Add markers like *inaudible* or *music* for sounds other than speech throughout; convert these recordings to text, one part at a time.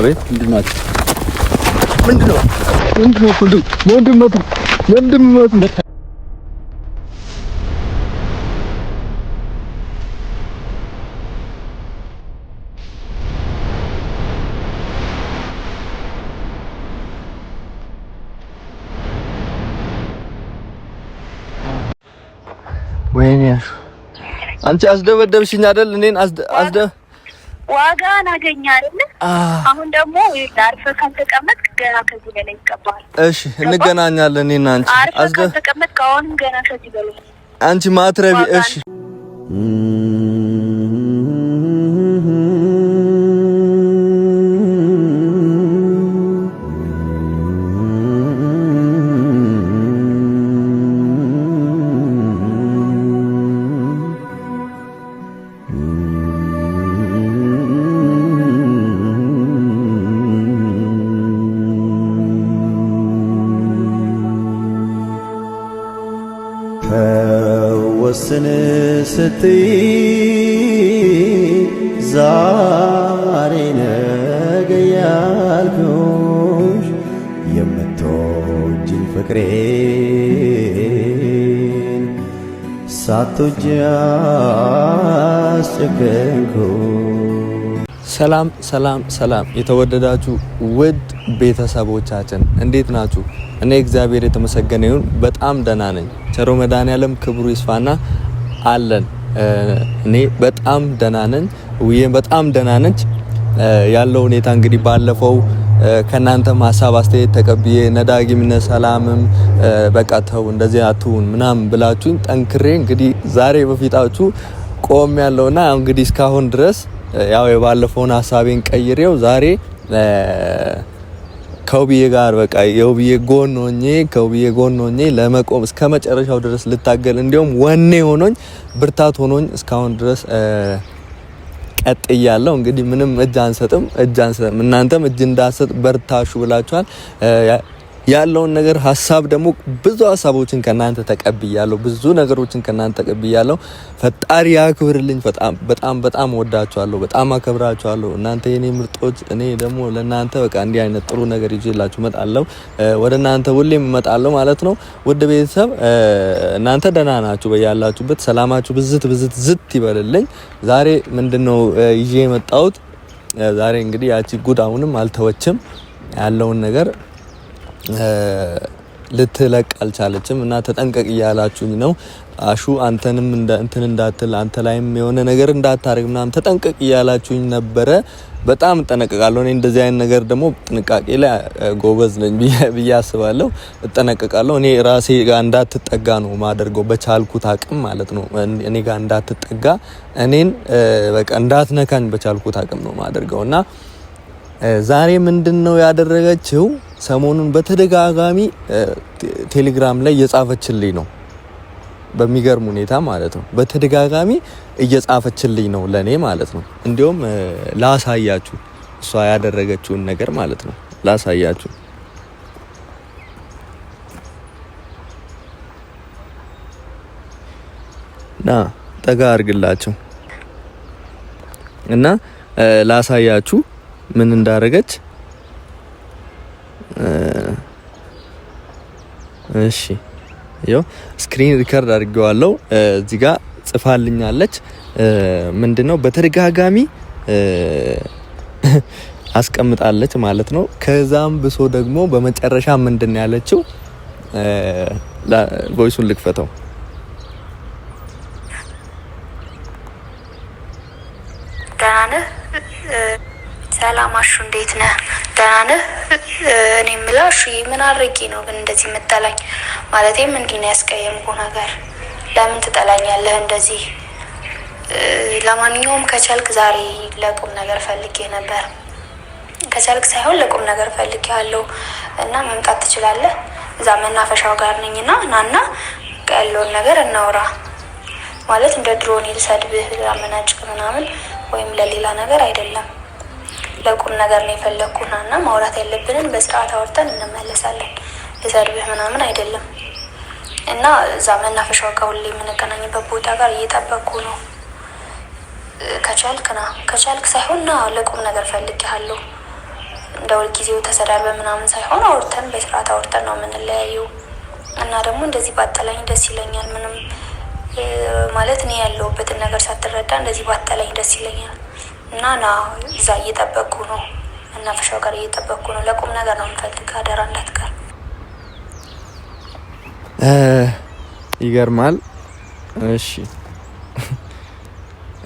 አቤት ምንድን ነው? ወንድመቱ ወንድመቱ ወይኔ አንቺ አስደበደብሽኝ አይደል? እኔን አስደ ዋጋ ናገኛ አይደለ? አሁን ደግሞ አርፈህ ካልተቀመጥ ገና ከዚህ በላይ ይቀባል። እሺ እንገናኛለን። እኔና አንቺ አርፈህ ካልተቀመጥ አሁንም ገና ከዚህ በላይ አንቺ ማትረቢ። እሺ ፈወስን ስትይ ዛሬ ነገ ያልኩሽ የምትወጂኝ ፍቅሬን ሳትወጂ አስጨከንኩ ሰላም ሰላም ሰላም የተወደዳችሁ ውድ ቤተሰቦቻችን እንዴት ናችሁ? እኔ እግዚአብሔር የተመሰገነ ይሁን በጣም ደህና ነኝ። ቸሮ መድኃኔዓለም ክብሩ ይስፋና አለን። እኔ በጣም ደህና ነኝ። ውዬ በጣም ደህና ነች። ያለው ሁኔታ እንግዲህ ባለፈው ከእናንተም ሀሳብ አስተያየት ተቀብዬ ነዳጊም ነ ሰላምም በቃ ተው እንደዚህ አትሁን ምናምን ብላችሁኝ ጠንክሬ እንግዲህ ዛሬ በፊታችሁ ቆም ያለውና እንግዲህ እስካሁን ድረስ ያው የባለፈውን ሀሳቤን ቀይሬው ዛሬ ከውብዬ ጋር በቃ የውብዬ ጎን ሆኜ ከውብዬ ጎን ሆኜ ለመቆም እስከ መጨረሻው ድረስ ልታገል እንዲሁም ወኔ ሆኖኝ ብርታት ሆኖኝ እስካሁን ድረስ ቀጥያለሁ። እንግዲህ ምንም እጅ አንሰጥም፣ እጅ አንሰጥም። እናንተም እጅ እንዳሰጥ በርታሹ ብላችኋል። ያለውን ነገር ሀሳብ ደግሞ ብዙ ሀሳቦችን ከእናንተ ተቀብያለሁ። ብዙ ነገሮችን ከእናንተ ተቀብያለሁ። ፈጣሪ ያክብርልኝ። በጣም በጣም ወዳችኋለሁ። በጣም አከብራችኋለሁ። እናንተ የኔ ምርጦች፣ እኔ ደግሞ ለእናንተ በቃ እንዲህ አይነት ጥሩ ነገር ይዤላችሁ እመጣለሁ። ወደ እናንተ ሁሌም እመጣለሁ ማለት ነው። ውድ ቤተሰብ እናንተ ደህና ናችሁ? በያላችሁበት ሰላማችሁ ብዝት ብዝት ዝት ይበልልኝ። ዛሬ ምንድነው ይዤ የመጣሁት? ዛሬ እንግዲህ ያቺ ጉድ አሁንም አልተወችም ያለውን ነገር ልትለቅ አልቻለችም እና ተጠንቀቅ እያላችሁኝ ነው። አሹ አንተንም እንትን እንዳትል አንተ ላይም የሆነ ነገር እንዳታደርግ ምናምን ተጠንቀቅ እያላችሁኝ ነበረ። በጣም እጠነቀቃለሁ። እኔ እንደዚህ አይነት ነገር ደግሞ ጥንቃቄ ላይ ጎበዝ ነኝ ብዬ *laughs* አስባለሁ። እጠነቀቃለሁ። እኔ ራሴ ጋር እንዳትጠጋ ነው ማደርገው፣ በቻልኩት አቅም ማለት ነው። እኔ ጋር እንዳትጠጋ እኔን በቃ እንዳትነካኝ በቻልኩት አቅም ነው ማደርገው እና ዛሬ ምንድን ነው ያደረገችው? ሰሞኑን በተደጋጋሚ ቴሌግራም ላይ እየጻፈችልኝ ነው። በሚገርም ሁኔታ ማለት ነው። በተደጋጋሚ እየጻፈችልኝ ነው ለእኔ ማለት ነው። እንዲሁም ላሳያችሁ፣ እሷ ያደረገችውን ነገር ማለት ነው ላሳያችሁ። ና ጠጋ አድርግላቸው እና ላሳያችሁ ምን እንዳደረገች እሺ ይኸው ስክሪን ሪከርድ አድርገዋለሁ። እዚህ ጋር ጽፋልኛለች። ምንድን ነው በተደጋጋሚ አስቀምጣለች ማለት ነው። ከዛም ብሶ ደግሞ በመጨረሻ ምንድን ነው ያለችው? ቮይሱን ልክፈተው ሰላም አሹ፣ እንዴት ነህ? ደህና ነህ? እኔ የምልህ ምን አድርጌ ነው ግን እንደዚህ የምጠላኝ? ማለቴ እንዲህ ነው ያስቀየምኩ ነገር። ለምን ትጠላኛለህ እንደዚህ? ለማንኛውም ከቻልክ ዛሬ ለቁም ነገር ፈልጌ ነበር። ከቻልክ ሳይሆን ለቁም ነገር ፈልጌ አለው እና መምጣት ትችላለህ? እዛ መናፈሻው ጋር ነኝና ናና ያለውን ነገር እናውራ። ማለት እንደ ድሮኔ ልሰድብህ፣ ላመናጭቅ ምናምን ወይም ለሌላ ነገር አይደለም። ለቁም ነገር ላይ ፈለኩና እና ማውራት ያለብንን በስርዓት አውርተን እንመለሳለን። ልሰድብህ ምናምን አይደለም እና እዛ መናፈሻው ጋር ሁሌ የምንገናኝበት ቦታ ጋር እየጠበቅኩ ነው። ከቻልክ ና፣ ከቻልክ ሳይሆን ና። ለቁም ነገር ፈልጌሃለሁ። እንደ ሁልጊዜው ተሰዳድበን ምናምን ሳይሆን አውርተን በስርዓት አውርተን ነው የምንለያየው። እና ደግሞ እንደዚህ ባጠላኝ ደስ ይለኛል። ምንም ማለት እኔ ያለሁበትን ነገር ሳትረዳ እንደዚህ ባጠላኝ ደስ ይለኛል። እና ና እዛ እየጠበቁ ነው፣ መናፈሻው ጋር እየጠበቁ ነው። ለቁም ነገር ነው የምፈልግ፣ አደራ እንዳትቀር። ይገርማል። እሺ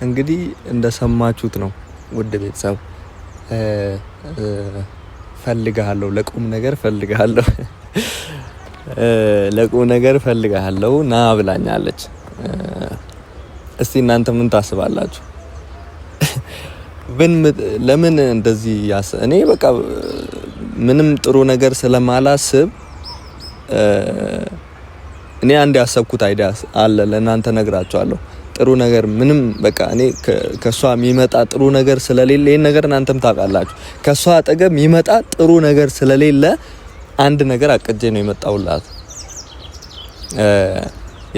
እንግዲህ እንደሰማችሁት ነው ውድ ቤተሰብ፣ ፈልግሃለሁ፣ ለቁም ነገር ፈልግሃለሁ፣ ለቁም ነገር ፈልግሃለሁ ና ብላኛለች። እስቲ እናንተ ምን ታስባላችሁ? ለምን እንደዚህ ያሰ እኔ በቃ ምንም ጥሩ ነገር ስለማላስብ እኔ አንድ ያሰብኩት አይዲያ አለ፣ ለእናንተ ነግራችኋለሁ። ጥሩ ነገር ምንም በቃ እኔ ከእሷ የሚመጣ ጥሩ ነገር ስለሌለ ይህን ነገር እናንተም ታውቃላችሁ። ከእሷ አጠገብ የሚመጣ ጥሩ ነገር ስለሌለ አንድ ነገር አቅጄ ነው የመጣውላት።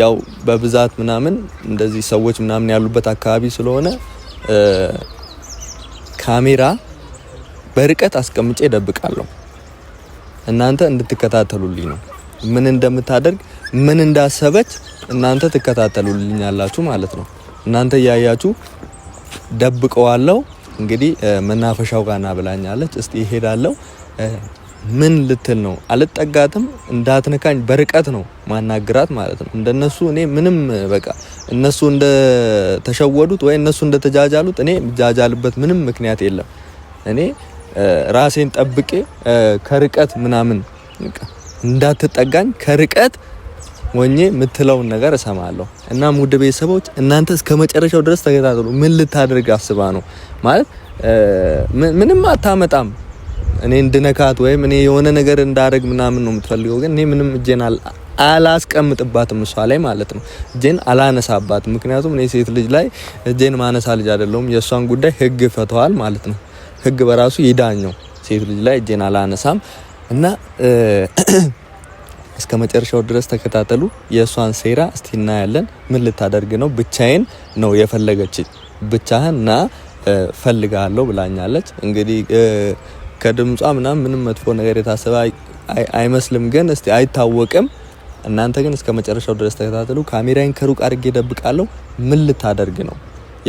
ያው በብዛት ምናምን እንደዚህ ሰዎች ምናምን ያሉበት አካባቢ ስለሆነ ካሜራ በርቀት አስቀምጬ ደብቃለሁ። እናንተ እንድትከታተሉልኝ ነው። ምን እንደምታደርግ ምን እንዳሰበች እናንተ ትከታተሉልኛላችሁ ማለት ነው። እናንተ እያያችሁ ደብቀዋለሁ። እንግዲህ መናፈሻው ጋና ብላኛለች። እስቲ ይሄዳለሁ። ምን ልትል ነው? አልጠጋትም፣ እንዳትነካኝ በርቀት ነው ማናግራት ማለት ነው። እንደነሱ እኔ ምንም በቃ እነሱ እንደተሸወዱት ወይ እነሱ እንደተጃጃሉት እኔ ጃጃልበት ምንም ምክንያት የለም። እኔ ራሴን ጠብቄ ከርቀት ምናምን እንዳትጠጋኝ ከርቀት ወኜ የምትለውን ነገር እሰማለሁ። እናም ውድ ቤተሰቦች እናንተ እስከ መጨረሻው ድረስ ተከታተሉ። ምን ልታደርግ አስባ ነው ማለት ምንም አታመጣም እኔ እንድነካት ወይም እኔ የሆነ ነገር እንዳደረግ ምናምን ነው የምትፈልገው። ግን እኔ ምንም እጄን አላስቀምጥባትም እሷ ላይ ማለት ነው። እጄን አላነሳባት። ምክንያቱም እኔ ሴት ልጅ ላይ እጄን ማነሳ ልጅ አይደለሁም። የእሷን ጉዳይ ህግ ፈተዋል ማለት ነው። ህግ በራሱ ይዳኘው። ሴት ልጅ ላይ እጄን አላነሳም እና እስከ መጨረሻው ድረስ ተከታተሉ። የእሷን ሴራ እስቲ እናያለን። ምን ልታደርግ ነው? ብቻዬን ነው የፈለገች ብቻህን ና ፈልጋለሁ ብላኛለች። እንግዲህ ከድምጿ ምናምን ምንም መጥፎ ነገር የታሰበ አይመስልም፣ ግን እስቲ አይታወቅም። እናንተ ግን እስከ መጨረሻው ድረስ ተከታተሉ። ካሜራዬን ከሩቅ አድርጌ ደብቃለሁ። ምን ልታደርግ ነው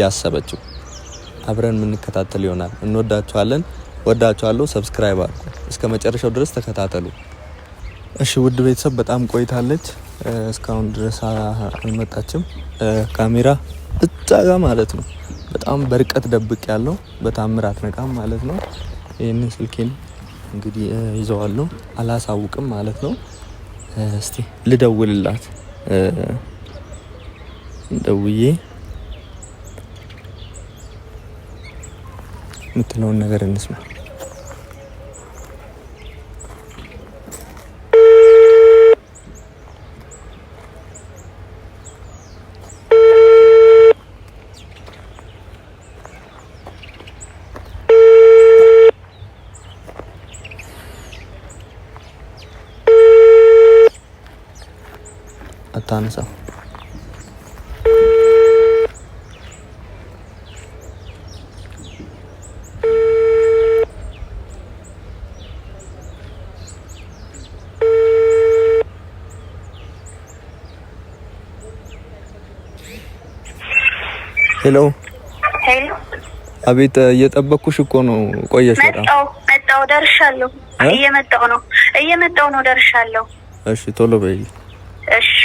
ያሰበችው? አብረን የምንከታተል ይሆናል። እንወዳችኋለን። ወዳችኋለሁ። ሰብስክራይብ አድርጉ። እስከ መጨረሻው ድረስ ተከታተሉ። እሺ ውድ ቤተሰብ በጣም ቆይታለች። እስካሁን ድረስ አልመጣችም። ካሜራ እጫጋ ማለት ነው። በጣም በርቀት ደብቅ ያለው በታምራት ነቃም ማለት ነው። ይህንን ስልኬን እንግዲህ ይዘዋለሁ። አላሳውቅም ማለት ነው። እስቲ ልደውልላት ደውዬ የምትለውን ነገር እንስማ። ሳነሳው ሄሎ አቤት፣ እየጠበኩሽ እኮ ነው። ቆየሽ። መጣሁ መጣሁ፣ ደርሻለሁ። እየመጣሁ ነው እየመጣሁ ነው፣ ደርሻለሁ። እሺ ቶሎ በይ።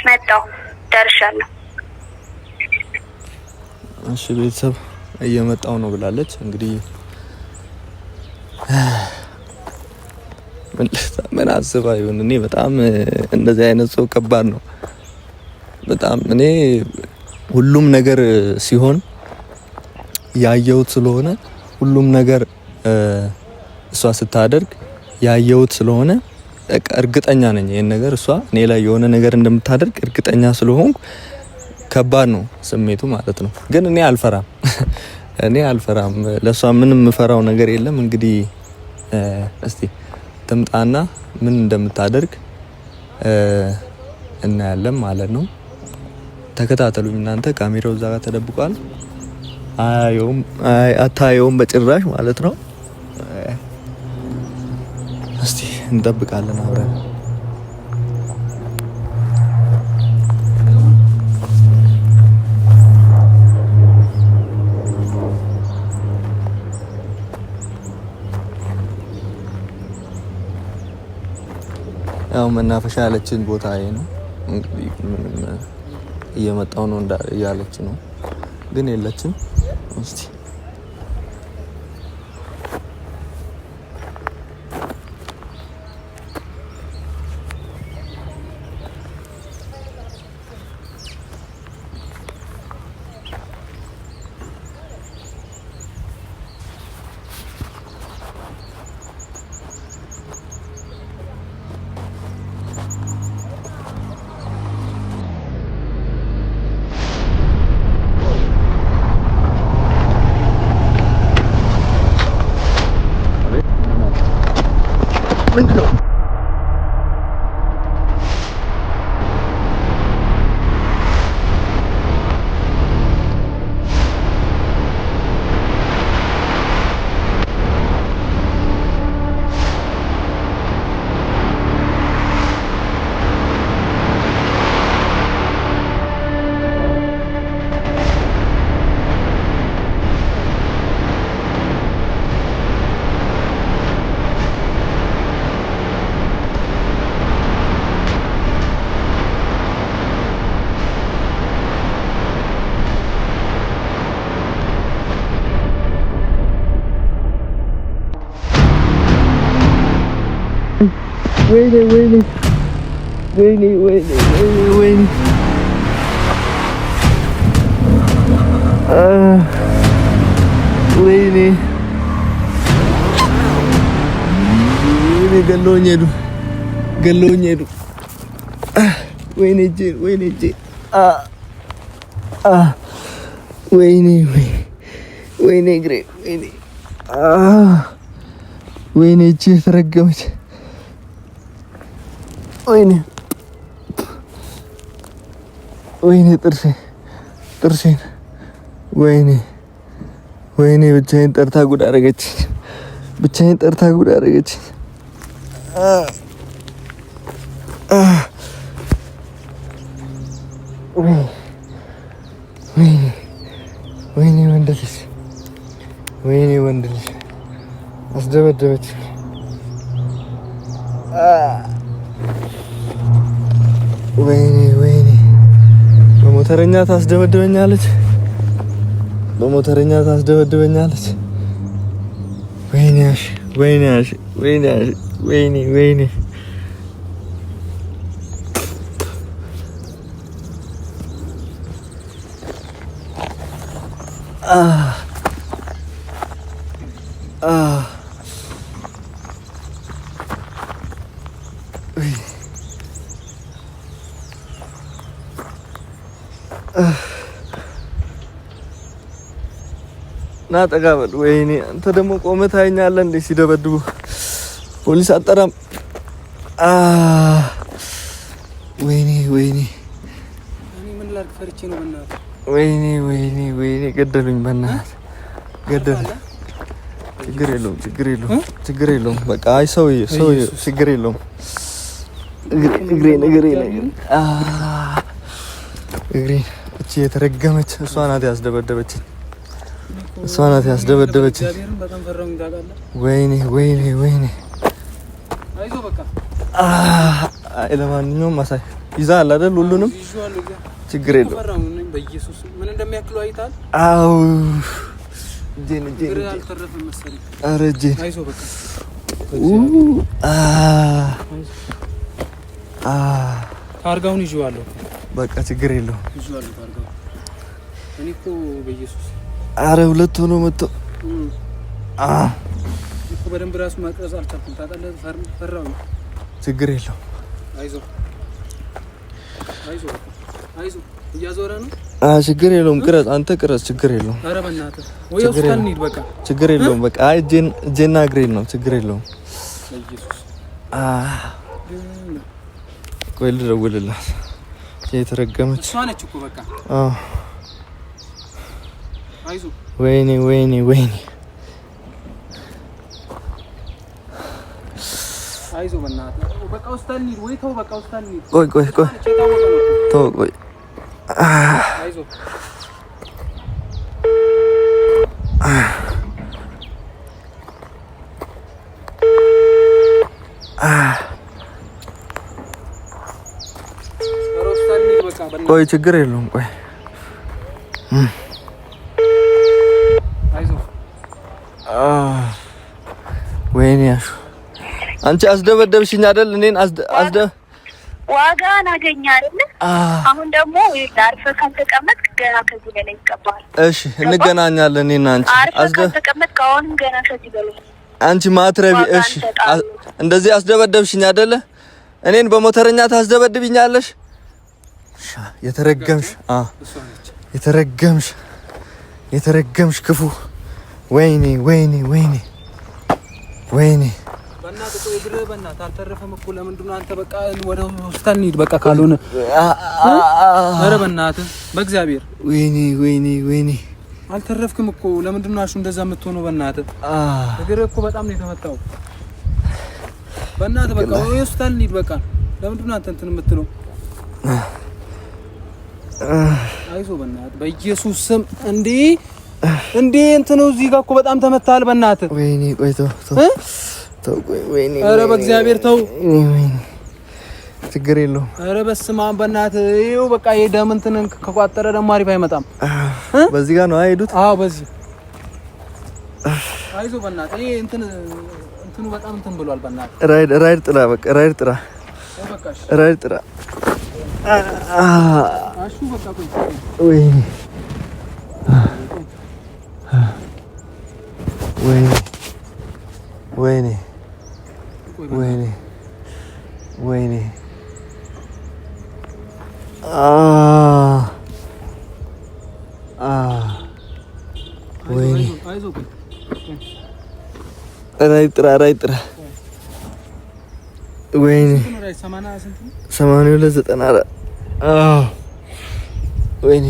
መጣሁ፣ ደርሻለሁ። እሺ ቤተሰብ እየመጣው ነው ብላለች። እንግዲህ ምን አስባ ይሁን እኔ በጣም እንደዚህ አይነት ሰው ከባድ ነው በጣም እኔ ሁሉም ነገር ሲሆን ያየሁት ስለሆነ ሁሉም ነገር እሷ ስታደርግ ያየሁት ስለሆነ እርግጠኛ ነኝ ይህን ነገር እሷ እኔ ላይ የሆነ ነገር እንደምታደርግ እርግጠኛ ስለሆንኩ ከባድ ነው ስሜቱ ማለት ነው። ግን እኔ አልፈራም፣ *laughs* እኔ አልፈራም። ለእሷ ምንም የምፈራው ነገር የለም። እንግዲህ እስቲ ትምጣና ምን እንደምታደርግ እናያለን ማለት ነው። ተከታተሉኝ እናንተ። ካሜራው እዛ ጋር ተደብቋል፣ አታየውም በጭራሽ ማለት ነው። እንጠብቃለን አብረን። ያው መናፈሻ ያለችን ቦታ ይሄ ነው። እየመጣው ነው እያለች ነው ግን የለችም። እስቲ Thank you. Wini, Wini. Wini, Wini, Wini, Wini. Uh, Wini. Wini galonya itu. galonya itu. Ah, Wini, Jin, Wini, Jin. Ah. Ah. Wini, Wini. Wini, great. Wini. Ah. ወይኔ እጅ ተረገመች። ወይኔ ወይኔ ጥርሴ ጥርሴን ወይኔ ወይኔ ብቻዬን ጠርታ ጉድ አደረገች። ብቻዬን ጠርታ ጉድ አደረገች። ወይኔ ወንድ ልጅ ወይኔ ወንድ ልጅ አስደበደበች። ወይኔ ወይኔ፣ በሞተረኛ ታስደበድበኛለች፣ በሞተረኛ ታስደበድበኛለች። ወይኔ ያሽ፣ ወይኔ ያሽ፣ ወይኔ ያሽ፣ ወይኔ ወይኔ አ ጠጋ በል። ወይኔ አንተ ደግሞ ቆመህ ታየኛለህ እንዴ? ሲደበድቡ ፖሊስ አጠራም። ወይኔ ወይኔ ወይኔ ወይኔ ወይኔ ገደሉኝ። በእናትህ ገደሉኝ። ችግር የለውም፣ ችግር የለውም፣ ችግር የለውም። በቃ አይ ሰውዬው፣ ሰውዬው ችግር የለውም። እግሬን እግሬን እግሬን እቺ የተረገመች እሷ ናት ያስደበደበችኝ። እሷ ናት ያስደበደበች። ወይኔ ወይኔ ወይኔ። ለማንኛውም ማሳይ ይዛ አለ አይደል? ሁሉንም ችግር የለው። አው ጄን ታርጋውን ይዤዋለሁ። በቃ ችግር የለው። አረ ሁለት ሆኖ መጥቶ እኮ በደንብ ራሱ ማቅረጽ አልቻልኩም። ታውቃለህ፣ ፈራሁ። ችግር የለውም። አይዞህ አይዞህ እያዞረ ነው። ችግር የለውም። ቅረጽ፣ አንተ ቅረጽ፣ ችግር የለውም። አረ በእናትህ ወይ ሆስፒታል እንሂድ። በቃ ችግር የለውም። በቃ አይ እጄና እግሬን ነው። ችግር የለውም። ቆይ ልደውልላት። የተረገመች እሷ ነች እኮ በቃ ወይኔ ወይኔ ወይኔ ቆይ ቆይ ቆይ ቆይ ቆይ ችግር የለውም ቆይ ወይኔ ያሹ አንቺ አስደበደብሽኝ አይደል? እኔን አስደ ዋጋ ናገኛ አይደል? አሁን ደግሞ አርፈህ ካልተቀመጥ ገና ከዚህ በላይ ይቀባል። እሺ እንገናኛለን። እኔና አንቺ አስደ ካልተቀመጥክ አሁንም ገና ከዚህ በላይ አንቺ ማትረቢ። እሺ እንደዚህ አስደበደብሽኝ አይደል? እኔን በሞተረኛ ታስደበድብኛለሽ? የተረገምሽ አ የተረገምሽ የተረገምሽ ክፉ ወይኔ ወይኔ ወይኔ ወይኔ እኮ አንተ? በቃ ሆስፒታል በቃ ካልሆነ። በእግዚአብሔር ወይኔ ወይኔ ወይኔ አልተረፍክም እኮ ለምንድን ነው አሹ እንደዛ የምትሆነው? በእናትህ እግርህ እኮ በጣም ነው የተመታው። በእናትህ በቃ ወደ ሆስፒታል እንሂድ በቃ። ለምንድን ነው አንተ እንትን የምትለው? አይዞህ በእናትህ በኢየሱስ ስም እንዴ እንዴ እንትኑ እዚህ ጋር እኮ በጣም ተመታል። በእናትህ ወይኔ፣ ቆይ ተው ተው፣ ወይኔ፣ ኧረ በእግዚአብሔር ተው፣ ችግር የለውም። ኧረ በስመ አብ በእናትህ ይኸው በቃ ይሄ የደም እንትን ከቋጠረ ደግሞ አሪፍ አይመጣም። በዚህ ጋር ነው አይሄዱት። አዎ፣ በዚህ አይዞ በእናትህ። ይሄ እንትን እንትኑ በጣም እንትን ብሏል በእናትህ። ራይድ ራይድ ጥላ፣ በቃ ራይድ ጥላ፣ ራይድ ጥራ። አሹ በቃ ቆይ፣ ወይኔ ወይኔ ወይኔ ወይኔ ወይኔ ወይኔ ራይጥራ ጥራ ራይ ጥራ ወይኔ ሰማንያ ሁለት ዘጠና ወይኔ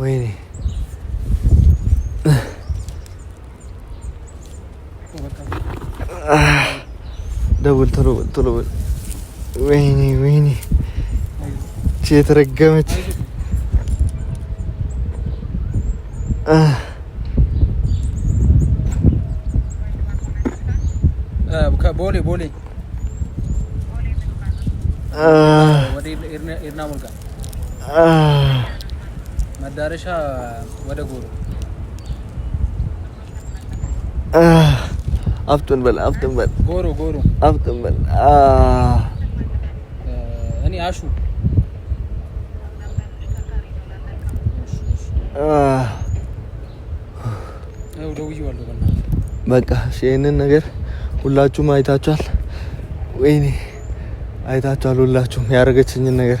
ወይኔ ደውል ቶሎ በል ቶሎ በል። ወይኔ ወይኔ የተረገመች ቦሌ ቦሌ መዳረሻ ወደ ጎሮ አፍጥን በል አፍጥን በል ጎሮ ጎሮ አፍጥን በል። እኔ አሹ በቃ ይህንን ነገር ሁላችሁም አይታችኋል። ወይኔ አይታችኋል። ሁላችሁም ያደረገችኝን ነገር